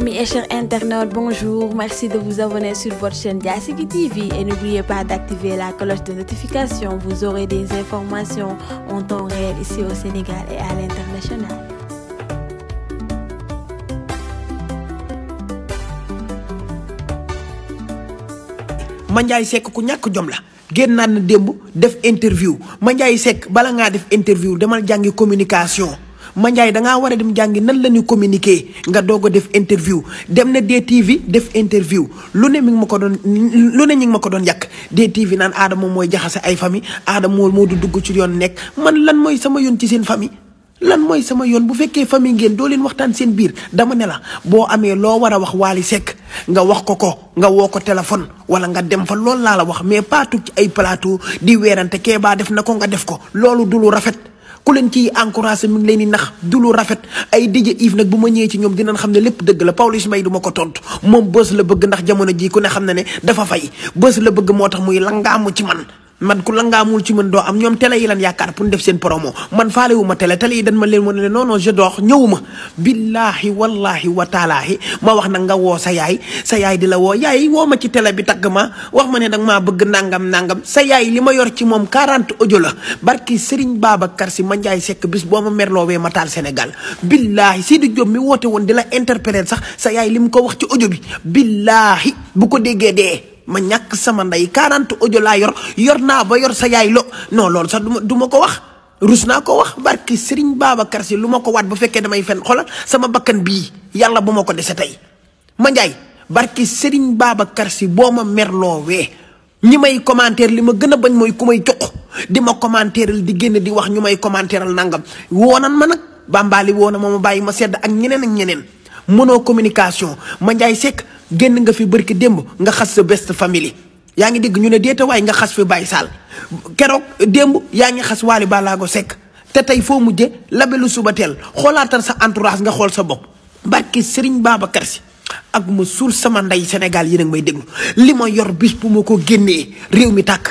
Amis et chers internautes, bonjour. Merci de vous abonner sur votre chaîne Diasiki TV et n'oubliez pas d'activer la cloche de notification. Vous aurez des informations en temps réel ici au Sénégal et à l'international. Mandiaye Seck ku ñàkk jom la génn naa def interview Mandiaye Seck bala nga def interview demal jangi communication Mandiaye da ngaa war a dem jàngi nan la ñu communiquer nga doog def interview dem na DTV def interview lu ne mi ngi ma ko doon lu ne ñi ngi ma ko doon yàkk yàq DTV naan aadama mooy jaxase ay famille aadama moo du dugg ci yoon nekk man lan mooy sama yoon ci seen famille. lan mooy sama yoon bu fekkee famille ngeen doo leen waxtaan seen biir dama ne la boo amee loo war a wax waali sekk nga wax ko ko nga woo ko téléphone wala nga dem fa loolu laa la wax mais pas ci ay plateau di weerante kee def na ko nga def ko loolu du rafet. ku leen ciy encouragé mu ngi leen di nax du lu rafet ay DJ Yves nag bu ma ñëwee ci ñoom dinañ xam ne lépp dëgg la Pawlish Mbaye duma ko tontu moom bës la bëgg ndax jamono jii ku ne xam ne ne dafa fay bës la bëgg moo tax muy langaamu ci man man ku langaamul ci man do am ñom télé yi lan yakkar pour def seen promo man faalewu ma télé télé yi dan ma leen mo non non je dox ñewuma billahi wallahi wa taalahi ma wax na nga wo sa yaay sa yaay dila wo yaay wo ma ci télé bi tag ma wax ma ne nag ma bëgg nangam nangam sa yaay li yor ci mom 40 audio la barki serigne babacar si ma ndjay sek bis bo ma merloowee ma taal sénégal billahi sidi diop mi wote won dila interpréter sax sa yaay lim ko wax ci audio bi billahi bu ko déggé dé ma ñàkk sama nday 40 audio laa yor yor naa ba yor sa yaay lo non loolu sax duma duma ko wax rus naa ko wax barki Serigne Babacar si lu ko waat bu fekkee damay fen xoolal sama bakkan bii yàlla bu ma ko dese tey ma njaay barki Serigne Babacar si boo ma merloowee ñi may commentaire li ma gën a bañ mooy ku may jox di ma commentaire di génn di wax ñu may commentaire nangam woonan ma nag bambali woona ma ma bàyyi ma sedd ak ñeneen ak ñeneen mënoo communication ma njaay sekk génn nga fi barki démb nga xas sa best family yaa ngi dégg ñu ne déeta waay nga xas fi Baye Sall keroog démb yaa ngi xas laa Ballago sekk te tey foo mujje labelu suba teel xoolaatal sa entourage nga xool sa bopp barki Serigne baaba kersi ak ma suul sama ndey Sénégal yéen a ngi may déglu li ma yor bis bu ma ko génnee réew mi tàkk